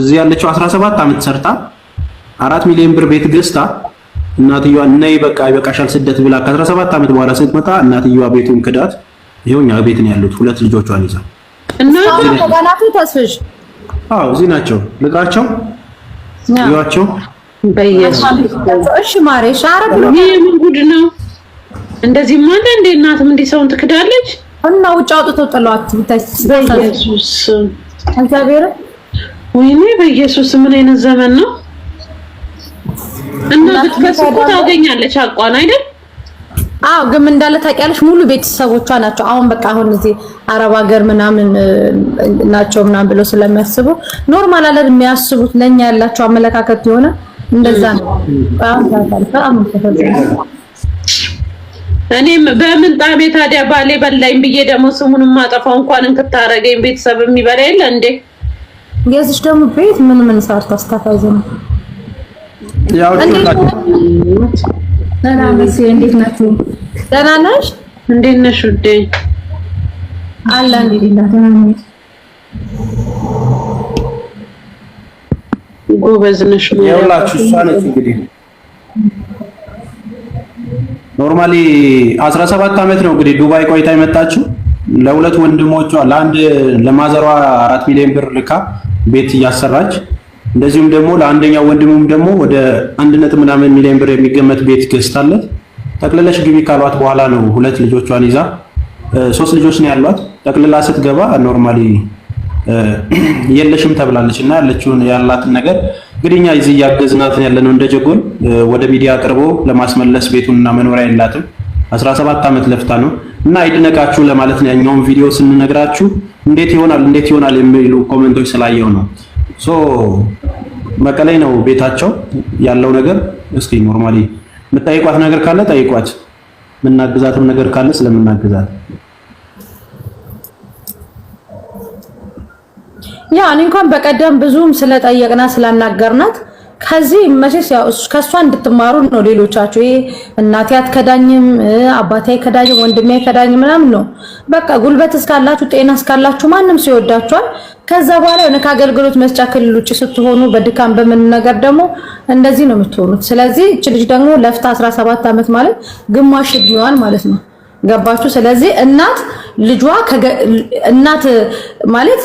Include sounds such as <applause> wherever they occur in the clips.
እዚህ ያለችው 17 ዓመት ሰርታ አራት ሚሊዮን ብር ቤት ገዝታ እናትየዋ ነይ በቃ ይበቃሻል ስደት ብላ ከ17 ዓመት በኋላ ስትመጣ እናትየዋ ቤቱን ክዳት ይኸውኛ ቤት ነው ያሉት ሁለት ልጆቿን ይዛ እና ተባላቱ ተስፈሽ አዎ እዚህ ናቸው ይዋቸው ማሬ ሻረ ብሎ ምን ጉድ ነው እንደዚህ እናትም እንዲህ ሰውን ትክዳለች እና ውጭ አውጥቶ ጥሏት ወይኔ በኢየሱስ ምን አይነት ዘመን ነው? እና ብትከስ እኮ ታገኛለች አቋን አይደል? አዎ ግን እንዳለ ታውቂያለሽ፣ ሙሉ ቤተሰቦቿ ናቸው። አሁን በቃ አሁን እዚህ አረብ ሀገር ምናምን ናቸው ምናምን ብለው ስለሚያስቡ ኖርማል አለ የሚያስቡት ለኛ ያላቸው አመለካከት የሆነ እንደዛ ነው። እኔም በምንጣሜ ታዲያ ባሌ በላኝ ብዬ ደግሞ ስሙን ማጠፋው እንኳን እንክታረገኝ ቤተሰብ የሚበላ የለ እንዴ? የዚች ደግሞ ቤት ምን ምን ሰዓት ታስተካዘ ነው? ያው እንዴት ደህና ነሽ? እንዴት ነሽ ውዴ? አለ ጎበዝ ነሽ። ያውላችሁ እሷ ነች እንግዲህ ኖርማሊ 17 ዓመት ነው እንግዲህ ዱባይ ቆይታ የመጣችው ለሁለት ወንድሞቿ ለአንድ ለማዘሯ አራት ሚሊዮን ብር ልካ ቤት እያሰራች እንደዚሁም ደግሞ ለአንደኛው ወንድሙም ደግሞ ወደ አንድ ነጥብ ምናምን ሚሊዮን ብር የሚገመት ቤት ገዝታለት ጠቅልለሽ ግቢ ካሏት በኋላ ነው ሁለት ልጆቿን ይዛ ሶስት ልጆች ነው ያሏት። ጠቅልላ ስትገባ ኖርማሊ የለሽም ተብላለች እና ያለችውን ያላትን ነገር እንግዲህ እኛ እዚህ እያገዝናት ያለነው እንደ ጀጎል ወደ ሚዲያ አቅርቦ ለማስመለስ ቤቱን እና መኖሪያ የላትም። 17 ዓመት ለፍታ ነው እና አይድነቃችሁ ለማለት ነው። ያኛውን ቪዲዮ ስንነግራችሁ እንዴት ይሆናል እንዴት ይሆናል የሚሉ ኮሜንቶች ስላየው ነው። ሶ መቀሌ ነው ቤታቸው ያለው ነገር። እስኪ ኖርማሊ የምጠይቋት ነገር ካለ ጠይቋት፣ የምናግዛትም ነገር ካለ ስለምናግዛት ያ እኔ እንኳን በቀደም ብዙም ስለጠየቅና ስላናገርናት ከዚህ መቼስ ያው ከእሷ እንድትማሩ ነው ሌሎቻችሁ። ይሄ እናቴ አትከዳኝም፣ አባቴ አይከዳኝም፣ ወንድሜ አይከዳኝም ምናምን ነው። በቃ ጉልበት እስካላችሁ፣ ጤና እስካላችሁ ማንም ሰው ይወዳችኋል። ከዛ በኋላ የሆነ ከአገልግሎት መስጫ ክልል ውጭ ስትሆኑ በድካም በምን ነገር ደግሞ እንደዚህ ነው የምትሆኑት። ስለዚህ እች ልጅ ደግሞ ለፍታ 17 ዓመት ማለት ግማሽ ዕድሜዋን ማለት ነው ገባችሁ? ስለዚህ እናት ልጇ እናት ማለት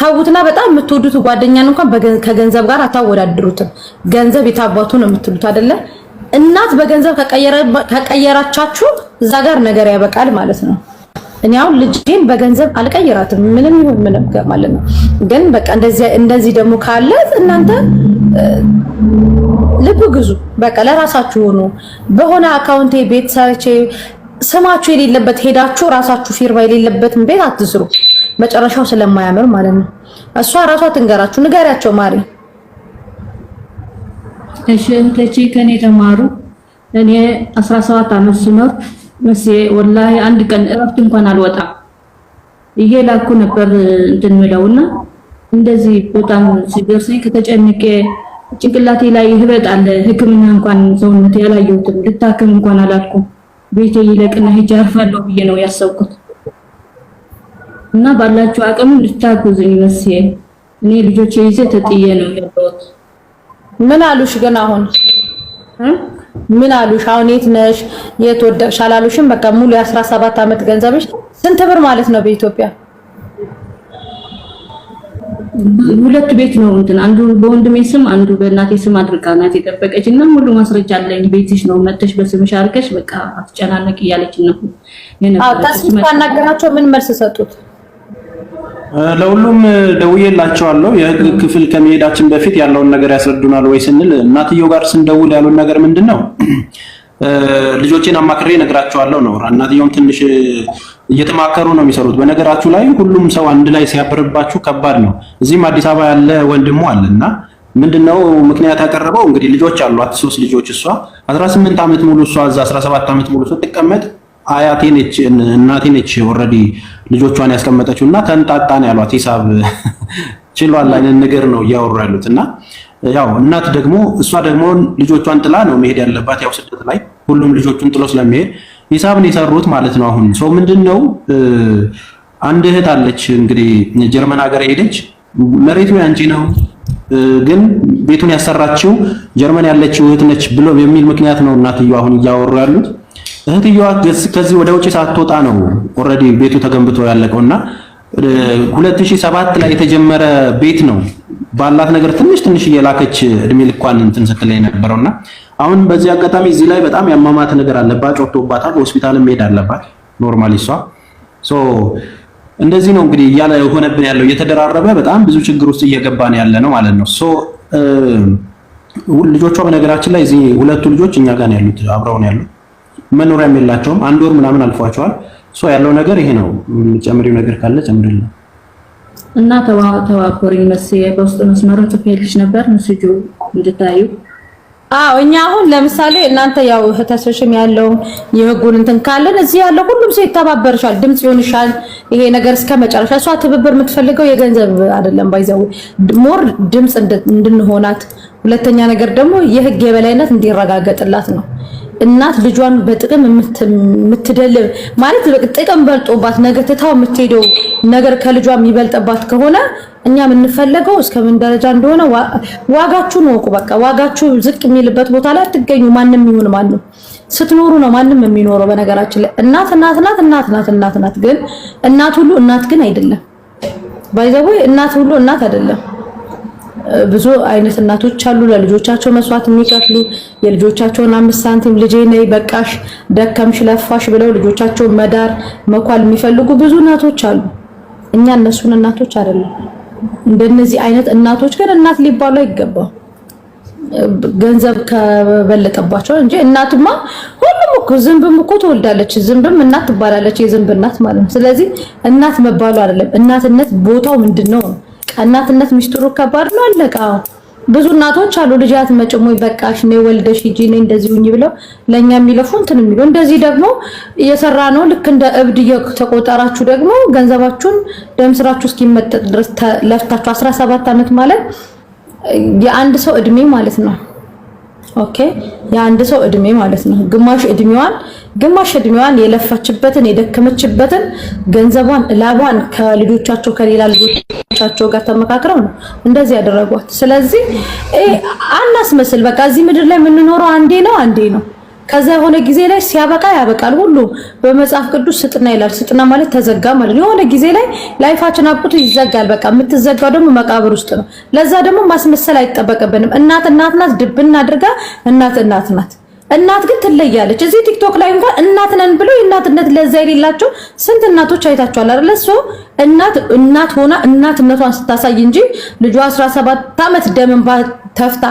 ታውትና በጣም የምትወዱት ጓደኛን እንኳን ከገንዘብ ጋር አታወዳድሩትም። ገንዘብ የታባቱ ነው የምትሉት አይደለ? እናት በገንዘብ ከቀየራቻችሁ እዛ ጋር ነገር ያበቃል ማለት ነው። እኔ አሁን ልጄን በገንዘብ አልቀይራትም፣ ምንም ይሁን ምንም ማለት ነው። ግን በቃ እንደዚህ ደግሞ ካለ እናንተ ልብ ግዙ። በቃ ለራሳችሁ ሆኑ። በሆነ አካውንቴ ቤት ሰርቼ ስማችሁ የሌለበት ሄዳችሁ ራሳችሁ ፊርማ የሌለበትን ቤት አትስሩ። መጨረሻው ስለማያምር ማለት ነው። እሷ ራሷ ትንገራችሁ። ንገሪያቸው ማሪ። እሺ እህቶቼ ከኔ ተማሩ። እኔ 17 ዓመት ስኖር መስየ ወላሂ አንድ ቀን እረፍት እንኳን አልወጣም እየላኩ ነበር እንትን ምለውና እንደዚህ በጣም ሲደርሰኝ ከተጨንቄ ጭንቅላቴ ላይ ይህበጥ አለ ህክምና እንኳን ሰውነት ያላየሁትም ልታክም እንኳን አላልኩም። ቤቴ ይለቅና ሂጅ አርፋለሁ ብዬ ነው ያሰብኩት። እና ባላችሁ አቅም ልታግዙኝ መስ እኔ ልጆቼ ይዤ ተጥዬ ነው ያለሁት። ምን አሉሽ ግን አሁን ምን አሉሽ አሁን? የት ነሽ? የት ወደቅሽ አላሉሽም? በቃ ሙሉ የ17 ዓመት ገንዘብሽ ስንት ብር ማለት ነው በኢትዮጵያ? ሁለቱ ቤት ነው እንትን አንዱ በወንድሜ ስም አንዱ በእናቴ ስም አድርጋ ናት የጠበቀች እና ሙሉ ማስረጃ አለኝ። ቤትሽ ነው መተሽ በስምሽ አድርገሽ በቃ አትጨናነቅ እያለች ነው ነበር። ምን መልስ ሰጡት? ለሁሉም ደውዬላቸዋለሁ። የህግ ክፍል ከመሄዳችን በፊት ያለውን ነገር ያስረዱናል ወይ ስንል እናትየው ጋር ስንደውል ያሉን ነገር ምንድን ነው ልጆቼን አማክሬ ነግራቸዋለሁ ነው። እናትየውም ትንሽ እየተማከሩ ነው የሚሰሩት። በነገራችሁ ላይ ሁሉም ሰው አንድ ላይ ሲያብርባችሁ ከባድ ነው። እዚህም አዲስ አበባ ያለ ወንድሙ አለ እና ምንድነው ምክንያት ያቀረበው? እንግዲህ ልጆች አሏት፣ ሶስት ልጆች። እሷ 18 ዓመት ሙሉ እሷ እዛ 17 ዓመት ሙሉ ስትቀመጥ አያቴ ነች እናቴ ነች ኦልሬዲ ልጆቿን ያስቀመጠችው እና ተንጣጣ ነው ያሏት። ሂሳብ <laughs> ችሏል አይነት ነገር ነው እያወሩ ያሉት እና ያው እናት ደግሞ እሷ ደግሞ ልጆቿን ጥላ ነው መሄድ ያለባት። ያው ስደት ላይ ሁሉም ልጆቹን ጥሎ ስለሚሄድ ሂሳብን የሰሩት ማለት ነው። አሁን ሰው ምንድን ነው አንድ እህት አለች እንግዲህ ጀርመን ሀገር ሄደች። መሬቱ ያንቺ ነው፣ ግን ቤቱን ያሰራችው ጀርመን ያለችው እህት ነች ብሎ የሚል ምክንያት ነው እናትየዋ አሁን እያወሩ ያሉት። እህትየዋ ከዚህ ወደ ውጭ ሳትወጣ ነው ኦልሬዲ ቤቱ ተገንብቶ ያለቀውና 2007 ላይ የተጀመረ ቤት ነው ባላት ነገር ትንሽ ትንሽ እየላከች እድሜ ልኳን እንትን ስትል የነበረውና አሁን በዚህ አጋጣሚ እዚህ ላይ በጣም ያማማት ነገር አለባት፣ ጮቶባታል፣ ሆስፒታል መሄድ አለባት። ኖርማሊ እሷ ሶ እንደዚህ ነው እንግዲህ እያለ የሆነብን ያለው እየተደራረበ በጣም ብዙ ችግር ውስጥ እየገባን ያለ ነው ማለት ነው። ሶ ልጆቿ በነገራችን ላይ እዚህ ሁለቱ ልጆች እኛ ጋር ያሉት አብረው ነው ያሉት። መኖሪያም የላቸውም አንድ ወር ምናምን አልፏቸዋል። ሶ ያለው ነገር ይሄ ነው። ጨምሪው ነገር ካለ ጨምሪልን እና ተባኮሪኝ መስ በውስጥ መስመሩን ጽፌልሽ ነበር ምስጁ እንድታዩ አዎ እኛ አሁን ለምሳሌ እናንተ ያው ህተሰሽም ያለውን የህጉን እንትን ካለን እዚህ ያለው ሁሉም ሰው ይተባበርሻል፣ ድምጽ ይሆንሻል። ይሄ ነገር እስከ መጨረሻ እሷ ትብብር የምትፈልገው የገንዘብ አይደለም። ባይዘው ሞር ድምጽ እንድንሆናት፣ ሁለተኛ ነገር ደግሞ የህግ የበላይነት እንዲረጋገጥላት ነው። እናት ልጇን በጥቅም የምትደልብ ማለት ጥቅም በልጦባት ነገር ትታው የምትሄደው ነገር ከልጇ የሚበልጥባት ከሆነ እኛ የምንፈለገው እስከ ምን ደረጃ እንደሆነ ዋጋችሁን ወቁ። በቃ ዋጋችሁ ዝቅ የሚልበት ቦታ ላይ አትገኙ። ማንም ይሁን ማንም ስትኖሩ ነው ማንም የሚኖረው። በነገራችን ላይ እናት እናት ናት እናት ናት እናት ናት፣ ግን እናት ሁሉ እናት ግን አይደለም። ባይዘው እናት ሁሉ እናት አይደለም። ብዙ አይነት እናቶች አሉ፣ ለልጆቻቸው መስዋዕት የሚከፍሉ የልጆቻቸውን አምስት ሳንቲም ልጄ ነይ በቃሽ፣ ደከምሽ፣ ለፋሽ ብለው ልጆቻቸውን መዳር መኳል የሚፈልጉ ብዙ እናቶች አሉ። እኛ እነሱን እናቶች አይደለም እንደነዚህ አይነት እናቶች ግን እናት ሊባሉ አይገባም። ገንዘብ ከበለጠባቸው እንጂ እናትማ ሁሉም እኮ ዝንብም እኮ ትወልዳለች። ዝንብም እናት ትባላለች፣ የዝንብ እናት ማለት ነው። ስለዚህ እናት መባሉ አይደለም። እናትነት ቦታው ምንድን ነው? እናትነት ሚስጥሩ ከባድ ነው። አለቃ ብዙ እናቶች አሉ ልጅ አትመጭም ወይ በቃሽ ነው ወልደሽ ሂጂ ነው እንደዚህ ሁኚ ብለው ለኛ የሚለፉ እንትን የሚሉ እንደዚህ ደግሞ እየሰራ ነው። ልክ እንደ እብድ እየተቆጠራችሁ ደግሞ ገንዘባችሁን ደም ስራችሁ እስኪመጠጥ ድረስ ለፍታችሁ 17 ዓመት ማለት የአንድ ሰው እድሜ ማለት ነው። ኦኬ የአንድ ሰው እድሜ ማለት ነው። ግማሽ እድሜዋን ግማሽ እድሜዋን የለፋችበትን የደከመችበትን ገንዘቧን ላቧን ከልጆቻቸው ከሌላ ልጆቻቸው ጋር ተመካክረው ነው እንደዚህ ያደረጓት። ስለዚህ አናስመስል። በቃ እዚህ ምድር ላይ የምንኖረው አንዴ ነው አንዴ ነው። ከዛ የሆነ ጊዜ ላይ ሲያበቃ ያበቃል። ሁሉ በመጽሐፍ ቅዱስ ስጥና ይላል። ስጥና ማለት ተዘጋ ማለት የሆነ ጊዜ ላይ ላይፋችን አቁቶ ይዘጋል። በቃ የምትዘጋው ደግሞ መቃብር ውስጥ ነው። ለዛ ደግሞ ማስመሰል አይጠበቅብንም። እናት እናት ናት፣ ድብና አድርጋ እናት እናት ናት። እናት ግን ትለያለች። እዚህ ቲክቶክ ላይ እንኳን እናት ነን ብሎ የእናትነት ለዛ የሌላቸው ስንት እናቶች አይታችኋል አይደል? እሱ እናት እናት ሆና እናትነቷን ስታሳይ እንጂ ልጇ 17 ዓመት ደምን ተፍታ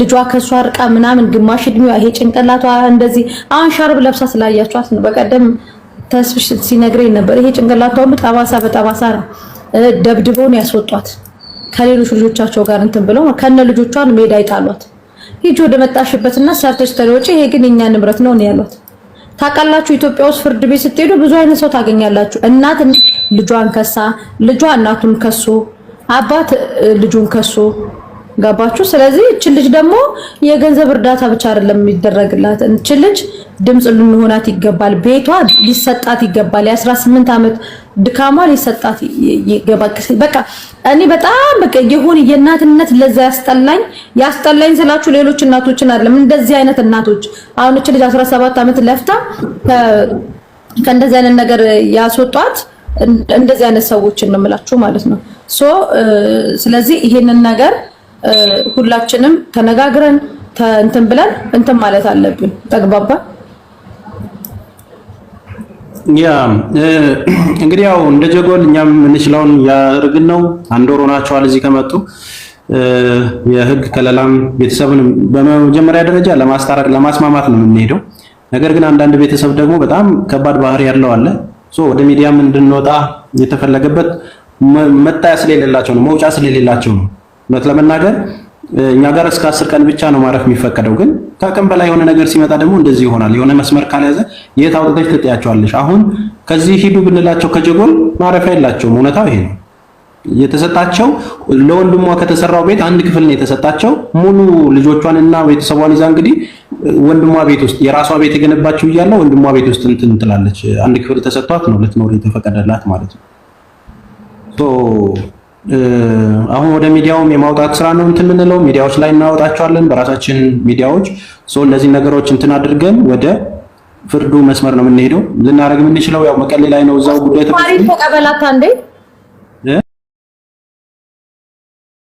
ልጇ ከሷ ርቃ ምናምን ግማሽ እድሜዋ ይሄ ጭንቅላቷ እንደዚህ አሁን ሻርብ ለብሳ ስላያቸዋት ነው። በቀደም ተስብሽ ሲነግረኝ ነበር። ይሄ ጭንቅላቷ ሁሉ ጠባሳ በጠባሳ ነው። ደብድበውን ያስወጧት ከሌሎች ልጆቻቸው ጋር እንትን ብለው ከነ ልጆቿን ሜዳ ይጣሏት። ሂጅ ወደ መጣሽበትና ሰርተሽ ተለወጪ፣ ይሄ ግን የኛ ንብረት ነው ያሏት። ታውቃላችሁ ኢትዮጵያ ውስጥ ፍርድ ቤት ስትሄዱ ብዙ አይነት ሰው ታገኛላችሁ። እናት ልጇን ከሳ፣ ልጇ እናቱን ከሶ፣ አባት ልጁን ከሶ ገባችሁ? ስለዚህ እችን ልጅ ደግሞ የገንዘብ እርዳታ ብቻ አይደለም የሚደረግላት። እችን ልጅ ድምፅ ልንሆናት ይገባል። ቤቷ ሊሰጣት ይገባል። የ18 ዓመት ድካሟ ሊሰጣት ይገባል። በቃ እኔ በጣም በቃ የሆነ የእናትነት ለዛ ያስጠላኝ ያስጠላኝ ስላችሁ ሌሎች እናቶችን አይደለም፣ እንደዚህ አይነት እናቶች አሁን እችን ልጅ 17 ዓመት ለፍታ ከእንደዚህ አይነት ነገር ያስወጧት እንደዚህ አይነት ሰዎችን ነው የምላችሁ ማለት ነው። ሶ ስለዚህ ይሄንን ነገር ሁላችንም ተነጋግረን እንትን ብለን እንትን ማለት አለብን። ተግባባ። ያ እንግዲህ ያው እንደ ጀጎል እኛም የምንችለውን ያርግን ነው። አንድ ወር ሆናቸዋል እዚህ ከመጡ የህግ ከለላም ቤተሰብን በመጀመሪያ ደረጃ ለማስታረቅ ለማስማማት ነው የምንሄደው። ነገር ግን አንዳንድ ቤተሰብ ደግሞ በጣም ከባድ ባህሪ ያለው አለ። ሶ ወደ ሚዲያም እንድንወጣ የተፈለገበት መጣያ ስለሌላቸው ነው፣ መውጫ ስለሌላቸው ነው። እውነት ለመናገር እኛ ጋር እስከ አስር ቀን ብቻ ነው ማረፍ የሚፈቀደው። ግን ከቀን በላይ የሆነ ነገር ሲመጣ ደግሞ እንደዚህ ይሆናል። የሆነ መስመር ካልያዘ የት አውጥተሽ ትጥያቸዋለሽ? አሁን ከዚህ ሂዱ ብንላቸው ከጀጎል ማረፊያ የላቸውም። እውነታው ይሄ ነው። የተሰጣቸው ለወንድሟ ከተሰራው ቤት አንድ ክፍል ነው የተሰጣቸው። ሙሉ ልጆቿንና ቤተሰቧን ይዛ እንግዲህ ወንድሟ ቤት ውስጥ የራሷ ቤት የገነባችው እያለ ወንድሟ ቤት ውስጥ እንትን ትላለች። አንድ ክፍል ተሰጥቷት ነው ልትኖር የተፈቀደላት ማለት ነው። አሁን ወደ ሚዲያውም የማውጣት ስራ ነው እንትን የምንለው ሚዲያዎች ላይ እናወጣቸዋለን፣ በራሳችን ሚዲያዎች። እነዚህ ነገሮች እንትን አድርገን ወደ ፍርዱ መስመር ነው የምንሄደው። ልናደርግ የምንችለው ያው መቀሌ ላይ ነው እዛው ጉዳይ